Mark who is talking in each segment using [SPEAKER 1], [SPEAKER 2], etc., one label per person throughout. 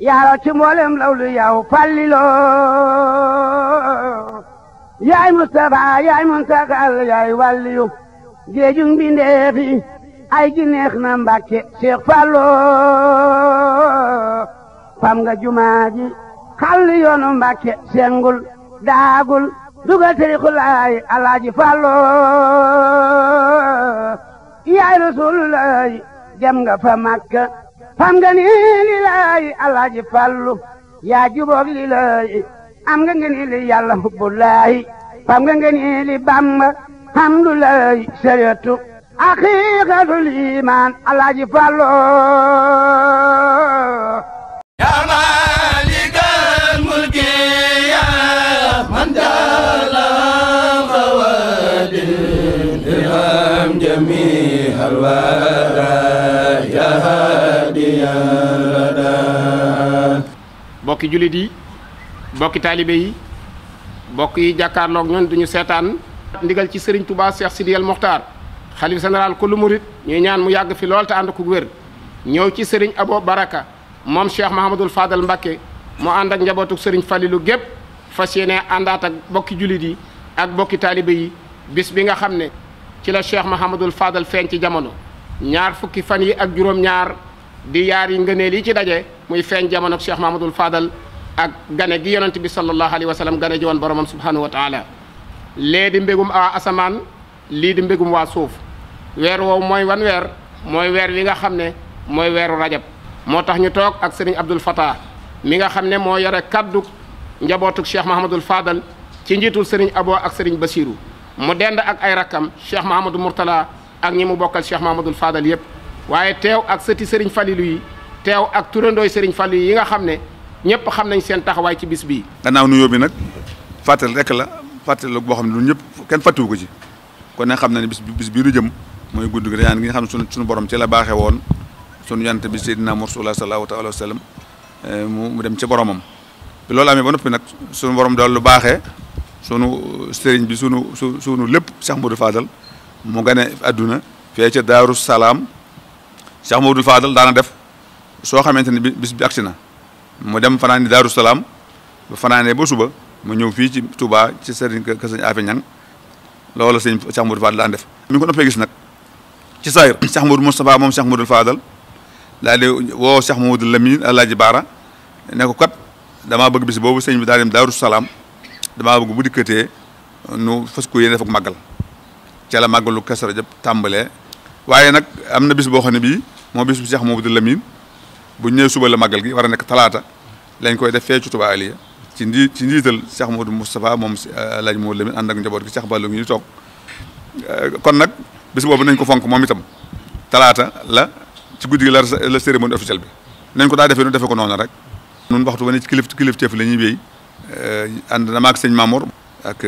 [SPEAKER 1] yaaro ci mboolem lawlu yaw fallilo yaay Mustafa yaay muntakal yaay wàlliyu géejum bindeefi ay gi neex na Mbàkke Seex Fallu fam nga jumaa ji xàll yoonu Mbàkke sengul daagul dugal tariqulaay Alaaji Fallu yaay Rasulullaay dem nga fa Makka xam nga ni li lay fallu yaa juboog li am nga nga ni li yàlla hubbu lay xam nga nga ni li bamba hamdu lay sariyatu aqiiqatul iimaan alaaji fallu
[SPEAKER 2] bokki jullit yi bokki taalibe yi bokk yi jàkkaarloog ñun duñu seetaan ndigal ci sëriñ Touba seex Sidiyal Mokhtar xalif général ko lu murit ñuy ñaan mu yàgg fi lool te ànd ku wér ñëw ci sëriñ Abo Baraka moom Cheikh Mahamadul Fadal Mbakke mu ànd ak njabootu sëriñ Falilu gépp fas yéene àndaat ak bokki jullit yi ak bokki taalibe yi bis bi nga xam ne ci la Cheikh Mahamadul Fadal feeñ ci jamono ñaar fukki fan yi ak juróom-ñaar di yi ngeene li ci daje muy feñ jamono cheikh mahamadul fadal ak gane gi yonent bi sallallahu alaihi wasallam gané ji won borom subhanahu wa taala lé di mbégum a asaman li di mbégum wa suuf wér wo moy wan wér moy wér wi nga xamné moy wéru rajab motax ñu tok ak serigne abdul fatah mi nga xamné mo yoré kaddu njabootuk cheikh mahamadul fadal ci njiitul serigne abo ak serigne basiru mu dend ak ay rakam cheikh murtala ak ñi mu bokal cheikh mahamadul fadal yépp waye tew ak seuti serigne fallilu yi tew ak turandooy serigne falilu yi nga xamne ñëpp xam nañ seen taxaway ci bis bi
[SPEAKER 3] gannaaw nuyo bi nak fatel rek la fatel lu bo xamne lu ñëpp ken fatu ko ci ko ne xam na bis bi bis bi du jëm moy guddu gi rayaan gi nga xam sunu sunu borom ci la baxé won sunu yonent bi sayyidina Muhammad sallahu ta'ala wa sallam mu dem ci boromam. bi loolu amé ba nopi nak sunu borom dal lu baxé sunu serigne bi sunu sunu lépp Cheikh Modou Fadal mu gane aduna fi ci Daaru salam Cheikh Maodou faadal daana def soo xamante ne bis bi agsi na mu dem fanaani Daaru Salaam ba fanaanee ba suba mu ñëw fii ci tubaa ci sëriñ kër sëñ Afe Ñang loolu sëñ Cheikh Maodou Fadal daan def mi ngi ko noppee gis nag ci saayir Cheikh Maodou Moustapha moom Cheikh Maodou Fadal daal di woo Cheikh Maodou Lamine Alaaji Baara ne ko kat damaa bëgg bis boobu sëñ bi daal dem Daaru Salaam damaa bëgg bu dikkatee nu fas ko yéene def màggal ca la màggalu Kazu Rajab tàmbalee waaye nag am na bis boo xam ne bii moo bis bu Cheikh Mamadou Lamine bu ñëwee suba la magal gi war a nekk talaata lañ koy def ci tuba Aliya ci ndi ci njiital Cheikh Mamadou Moustapha moom laaj Mamadou Lamine ànd ak njaboot gi Cheikh ballo ngi ñu toog kon nag bis boobu nañ ko fonk moom itam talaata la ci guddi gi la la cérémonie officielle bi nañ ko daa defee nu defe ko noonu rek nun waxtu ba ne ci kilif kilifteef la ñuy béy ànd na maag sëñ Mamour ak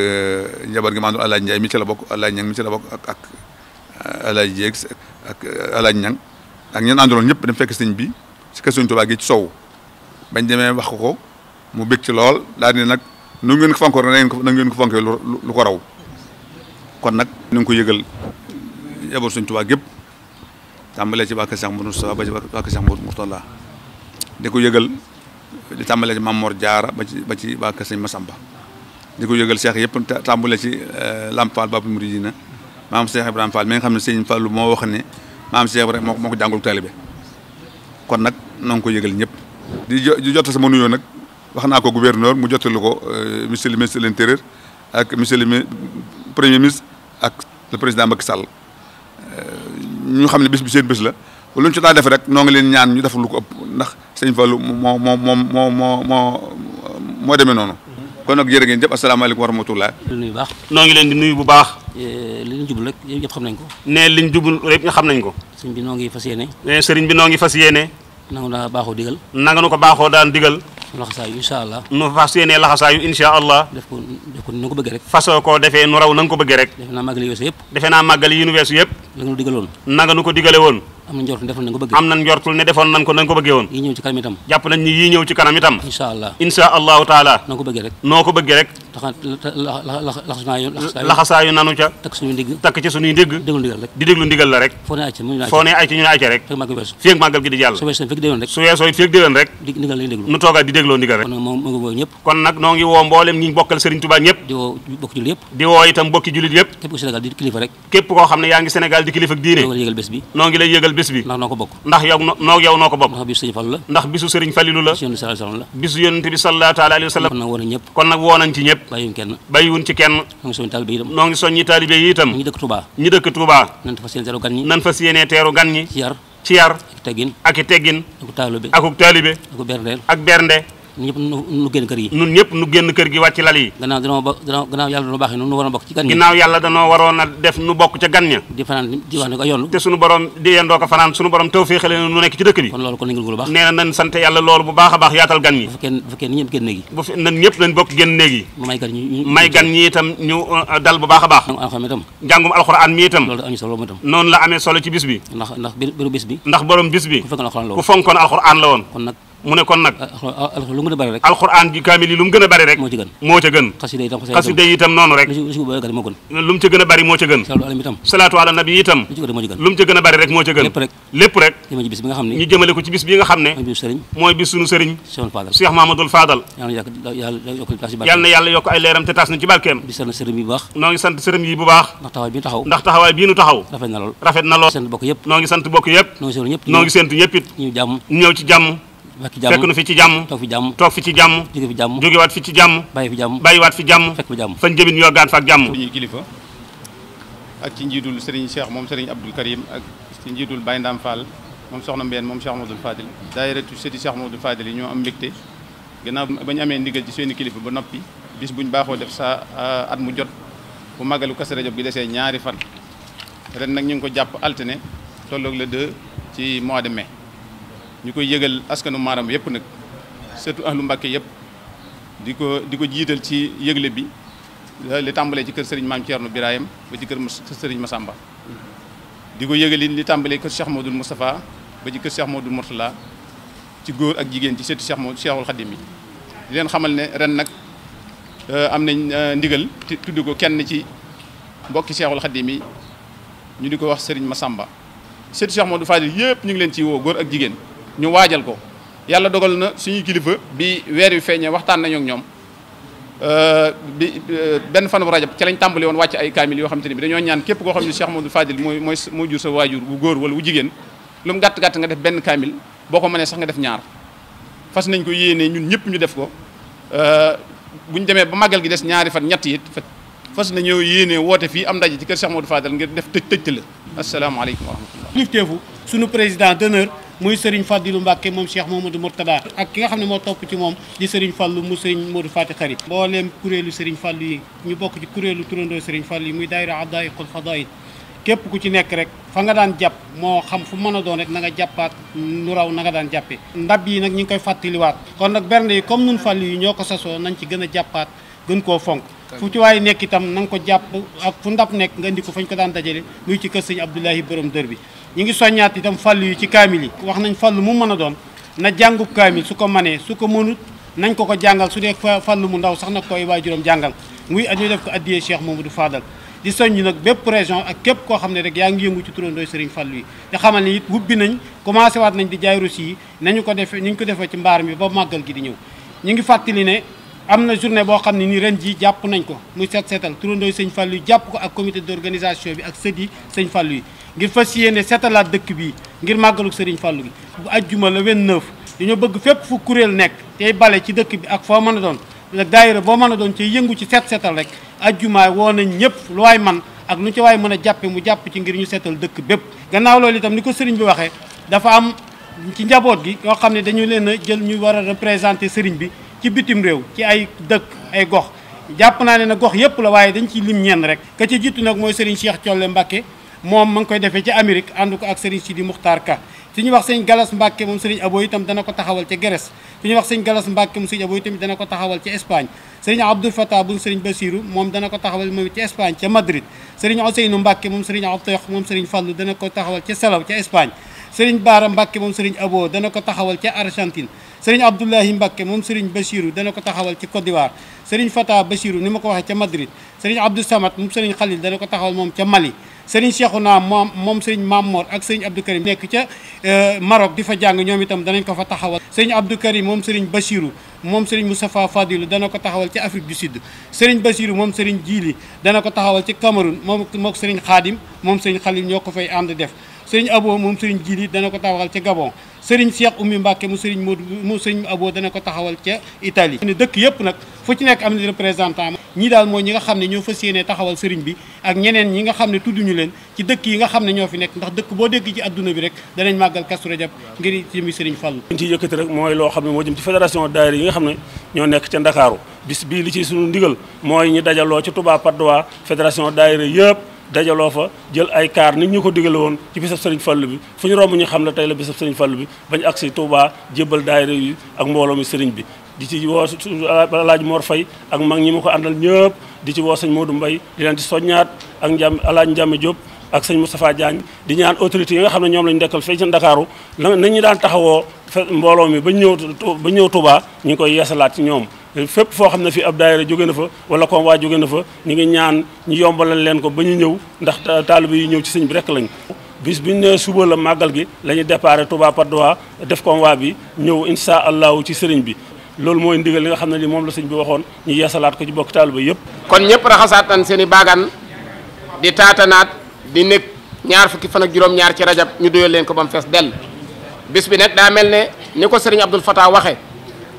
[SPEAKER 3] njaboot gi ma àndoon Alaaji mi ci la bokk Alaaji Ñang mi ci la bokk ak ak Alaaji Jéeg ak Alaaji Ñang ak ñeen àndaloon ñëpp dem fekk sëñ bi si kër sëñ Tuubaa gi ci sow bañ demee wax ko ko mu bég ci lool daal di ne nag nu ngeen ko fonkoon na ngeen ko fonkee lu ko raw kon nag nu nga ko yëgal yabal sëñ Tuubaa gépp tàmbalee ci waa kër Cheikh Moustapha ba ci waa kër Cheikh di ko yëgal di tàmbalee ci Mamor Jaara ba ci ba ci waa kër sëñ Masamba di ko yëgal Cheikh yëpp tàmbalee ci euh, Lamp Fall Babu Mouridina maam Cheikh Ibrahima Fall mi nga xam ne sëñ Fallu moo wax ne maam Cheikh rek moo ko moo ko jàngul taalibe kon nag noo ko yëgal ñëpp. di jo di jot sama nuyoo nag wax naa ko gouverneur mu jottali ko euh, monsieur le ministre de l'intérieur ak monsieur le premier ministre ak le président Macky Sall euh, ñu xam ne bis bi seen bés la lu ñu ci daa def rek noo ngi leen ñaan ñu def lu ko ëpp ndax sëñ Fallou moo moo moo moo moo moo demee noonu. kon nag jërë ngeen jëf asalaamaaleykum wa rahmatullah nuyu baax noo ngi leen di nuyu bu baax eh, li ñu jublu rek yëpp xam nañ ko ne li ñu jublu
[SPEAKER 1] rek nga xam nañ ko sëriñ bi noo ngi fas yéene sëriñ bi noo ngi fas yéene nanga daa baaxoo digal nanga nu ko baaxoo daan digal nu laxasaayu incha allah nu fas yéene laxasaayu incha allah def ko def ko na nga ko bëggee rek fasoo koo defee nu raw na ko bëggee rek defe naa màggal yi yëpp defe naa màggal yi nu yëpp nanga nu digaloon nanga ko digale woon amna njort defal nango ko bëgg am njortul ne defal nango nango nañ won yi ñëw ci kanam itam japp nañ ni yi ci kanam itam allah allahu taala noo ko bëggee rek la ko bëggee rek laxasaayu nanu ca takk suñu ndigg takk ci suñuy ndigg déglu ndigal rek di déglu ndigal la rek foo ne ay ci ñu ay ci rek fieg màggal gi di jàll su weesoo fieg déwén rek su weesoo fieg déwén rek ndigal lañu kon ngi ñi bokkal di julit yep di itam julit ko sénégal di kilifa di kilifa ak diine ngi lay bis bi ndax noo ko bokk ndax yow noo noo ko bokk ndax bisu sëriñ Falilu la bisu yonent bi la wa sallam kon nag woo kon nag woo ci ñëpp bàyyiwuñ kenn bàyyiwuñ ci kenn noo ngi soññi taalibe yi itam noo ngi soññi taalibe yi itam ñu dëkk Touba ñu dëkk Touba nan fas yéene teeru gan ñi nan fas yéene teeru gan ñi ci yar ci yar ak teggin ak teggin ak taalibe ak taalibe ak bernde ak bernde ñun ñëpp nu génn kër yi ñun ñëpp nu génn kër gi wàcc lal yi gannaaw yàlla danoo waroon a a def nu bokk ca gan ña di fanaan di wax te suñu borom di yendoo ko fanaan suñu borom taw may gan ñi itam ñu uh, dal bu baax a baax njàngum alxuraan mi itam noonu la amee solo ci bis bi ndax biru bis bi ndax borom bis bi ku fonkoon alxuraan la woon mu ne kon nag lu mu gën a bari rek alxuraan ji kaamil yi lu mu gën a bari rek moo ci gën moo ca gën xasida yi itam noonu rek lu mu ca gën a bari moo ca gën salaatu ala nabi itam lu mu ca gën a bari rek moo ca gën lépp rek ñu jëmale ko ci bis bi nga xam ne mooy bis sunu sëriñ Cheikh Mahamadul Fadal yal na yàlla yokk ay leeram te taas na ci barkeem noo ngi sant sëriñ yi bu baax ndax taxawaay bii nu taxaw rafet na lool noo ngi sant bokk yëpp noo ngi sant ñëpp it ñu ñëw ci jàmm fekk nu fi ci jàmm toog fi jàmm toog fi ci jàmm jóge fi jàmm jóge waat fi ci jàmm bàyyi fi jàmm bàyyi waat fi jàmm fekk fi jàmm fañ jëmin yoo gaan fa ak jàmm
[SPEAKER 4] suñuy kilifa ak ci njiitul sëriñ cheikh moom sëriñ abdul karim ak ci njiitul baye ndam fall moom soxna mbeen moom cheikh mamadou fadil daayiratu sëti cheikh mamadou fadil yi ñoo am mbégte gannaaw bañ amee ndigal ci seeni kilifa ba noppi bis buñ baaxoo def sa ah, at mu jot bu màggalu Kazu Rajab gi desee ñaari fan ren nag ñu ngi ko jàpp altine tolloog le 2 ci mois de mai ñu koy yëgal askanu maaram yëpp nag surtout ahlu Mbàkke yëpp di ko di ko jiital ci yëgle bi li tàmbalee ci kër Serigne Maam Thierno Birahim ba ci kër Serigne Massamba di ko yëgal li tàmbalee kër Cheikh Modou Moustapha ba ci kër Cheikh Modou Mourtala ci góor ak jigéen ci seetu Cheikh Modou Cheikhul Khadim yi leen xamal ne ren nag euh, am nañ euh, ndigal tudd ko kenn ci mbokki Cheikhul Khadim yi ñu di ko wax Serigne Massamba seetu Cheikh Modou Fadil yëpp ñu ngi leen ci woo góor ak jigéen ñu waajal ko yàlla dogal na suñuy kilifa bi weer yu feeñee waxtaan nañu ak ñoom euh, bi euh, benn fan bu rajab ci lañ tàmbali woon wàcc ay kaamil yoo xam te ne bi dañoo ñaan képp koo xam ne Cheikh Modou Fadil mooy mooy mooy jur sa waajur bu góor wala bu jigéen lu gàtt gàtt nga def benn kaamil boo ko mënee sax nga def ñaar fas nañ ko yéenee ñun ñëpp ñu def ko euh, bu ñu demee ba màggal gi des ñaari fan ñett fa fas nañu yéenee woote fii am ndaje ci kër Cheikh Modou Fadal ngir def tëj tëj la asalaamaaleykum
[SPEAKER 5] wa muy Serigne Fadilou Mbacke moom Cheikh Mamadou Mourtada ak ki nga xam ne moo topp ci moom di Serigne Fallou mu Serigne Modou Fati Xari mbooleem kuréelu Serigne Fallou yi ñu bokk ci kuréelu turandoo Serigne Fallou yi muy daayira Adaayiqul Fadaayil képp ku ci nekk rek fa nga daan jàpp moo xam fu mën a doon rek na nga jàppaat nu raw na nga daan jàppee ndab yi nag ñu ngi koy fàttaliwaat kon nag bernde yi comme nun Fallou yi ñoo ko sasoo nañ ci gën a jàppaat gën koo fonk fu nekk itam na nga ko jàpp ak fu ndab nekk nga indi ko fañ ko daan dajale muy ci kër sëñ Abdoulahi borom dër bi ñu ngi soññaat itam fàll yu ci kaamil yi wax nañ fàll mu mën a doon na jàngub kaamil su ko manee su ko mënut nañ ko ko jàngal su dee fàll mu ndaw sax na koy waajuram jàngal muy ñu def ko addiyee moomu Mamadou Fadal di sëñ soññ nag bépp région ak képp koo xam ne rek yaa ngi yëngu ci turandooy Serigne Fallou yi te xamal ni it wubbi nañ commencé waat nañ di jaay russi yi nañu ko defee ni ñu ko defee ci mbaar mi ba màggal gi di ñëw ñu ngi fàttali n am na journée boo xam ne ni ren ji jàpp nañ ko muy seet seetal turandooy Serigne Fallou yi jàpp ko ak comité d'organisation bi ak sët yi yi ngir fassiyene yéene dëkk bi ngir magaluk Serigne Fallou gi bu aljuma le 29 dañu bëgg fep fu kurel nek tay balé ci dëkk bi ak fo mëna doon ak daayira bo mëna doon ci yëngu ci seet seetal rek aljuma woo nañ ñëpp lu way man ak nu ci way mëna jappé mu japp ci ngir ñu seetal dëkk bëpp gannaaw loolu itam ni ko bi waxé dafa am ci njaboot gi yoo xam dañu leen jël ñu wara représenter serigne bi ci bitim rew ci ay dëkk ay gox japp naa ne na gox yëpp la waaye dañ ci lim ñen rek ka ci jittu nak moy serigne Cheikh Thiolle Mbacke moom ma ngi koy defee ci Amérique ànd ko ak Serigne Sidi Muxtaar Ka su ñu wax sëñ Galas Mbàkke moom Serigne Abo itam dana ko taxawal ca Grèce su ñu wax sëñ Galas Mbàkke moom Serigne Abo itam dana ko taxawal ca Espagne moom dana ko taxawal moom ca Espagne ca Madrid Serigne Ousseynou Mbàkke moom Serigne Abdoul moom Serigne Fallu dana ko taxawal ca Salaw ca Espagne Serigne Baara Mbàkke moom Serigne Abo dana ko taxawal ca Argentine Serigne Abdoulahi Mbàkke moom Serigne Basiru dana ko taxawal ci Côte d'Ivoire Serigne Fatah Basiru ni ma ko waxee ca Madrid Serigne Abdou Samad moom Serigne Khalil dana ko taxawal moom ca Mali sëriñ Cheikhouna moom moom sëriñ Mamor ak sëriñ Abdou Karim nekk ca eh, Maroc di fa jàng ñoom itam danañ ko fa taxawal sëriñ Abdou Karim moom sëriñ Bachirou moom sëriñ Moustapha Fadilu dana ko taxawal ci Afrique du Sud sëriñ Bachirou moom sëriñ Jili dana ko taxawal ci Cameroun moom mook sëriñ Xaadim moom sëriñ Xalil ñoo ko fay ànd def sëriñ Abo moom sëriñ Jili dana ko taxawal ca Gabon sëriñ Cheikh Oumy Mbacke mu sëriñ Modou mu sëriñ Abo dana ko taxawal ca Italie dëkk yëpp nag fu ci nekk am na représentant daal mooy ñi nga xam ne ñoo fas yéene taxawal sëriñ bi ak ñeneen ñi nga xam ne tudduñu leen ci dëkk yi nga xam ne ñoo fi nekk ndax
[SPEAKER 6] dëkk boo dégg ci adduna bi rek danañ màggal Kazu Rajab ngir jëmi sëriñ Fallu liñ ciy rek mooy loo xam ne moo jëm ci fédération daayira yi nga xam ne ñoo nekk ca Ndakaaru bis bii li ci suñu ndigal mooy ñi dajaloo ci Touba Patte d'Oie fédération yëpp dajaloo fa jël ay kaar nit ñu ko digale woon ci bisab sëriñ Fallu bi fu ñu romb ñu xam la tey la bisab sëriñ Fallu bi bañ agsi Touba jébbal daayira yi ak mbooloo mi sëriñ bi di ci woo alaaj Mor Fay ak mag ñi ma ko àndal ñëpp di ci woo sëñ Modou Mbay di leen di soññaat ak njàm alaaj Njàmme Diop ak sëñ Moustapha Diagne di ñaan autorité yi nga xam ne ñoom lañu dekkal fii ci Ndakaaru na ñu daan taxawoo mbooloo mi ba ñëw ba ñëw Touba ñu ngi koy yeesalaat ci ñoom fépp foo xam ne fi ab daayira jóge na fa wala kon waa jóge na fa ñu ngi ñaan ñu yombalal leen ko ba ñu ñëw ndax taalibe yi ñëw ci sëñ bi rek lañ bis bi ñu nee suba la màggal gi la ñu déparé Touba Padoa def convoi bi ñëw insha allahu ci sëriñ bi loolu mooy ndigal li nga xam ne li moom la sëñ bi waxoon ñu yeesalaat ko ci bokk taaliba yëpp. kon ñëpp raxasaatan seen i baagaan di taatanaat di nekk ñaar fukki fan ak
[SPEAKER 2] ci rajab ñu doyal leen ko ba mu fees dell bi nag daa mel ne ni ko sëriñ Abdul Fatah waxe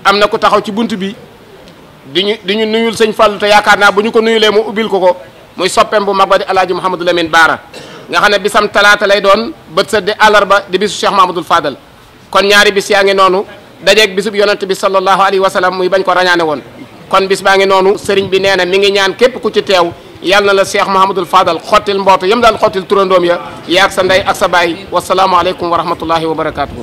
[SPEAKER 2] am na ku taxaw ci bunt bi di ñu di ñu nuyul sëñ Fallou te yaakaar naa bu ñu ko nuyulee mu ubbil ko ko muy soppeem bu mag ba di El Hadj Mouhamadou Lamine Baara nga xam ne bisam talaata lay doon bët sa di àllarba di bisu Cheikh Mahamadoul Fadal kon ñaari bis yaa ngi noonu dajeeg bisub yonent bi sallallahu alayhi wa sallam muy bañ ko rañaane woon kon bis baa ngi noonu sëriñ bi nee na mi ngi ñaan képp ku ci teew yàlla na la Cheikh Mahamadoul Fadal xottil mboot yam daan xottil turandoom ya yaag sa ndey ak sa baay wasalaamualeykum wa rahmatullahi wa barakaatu.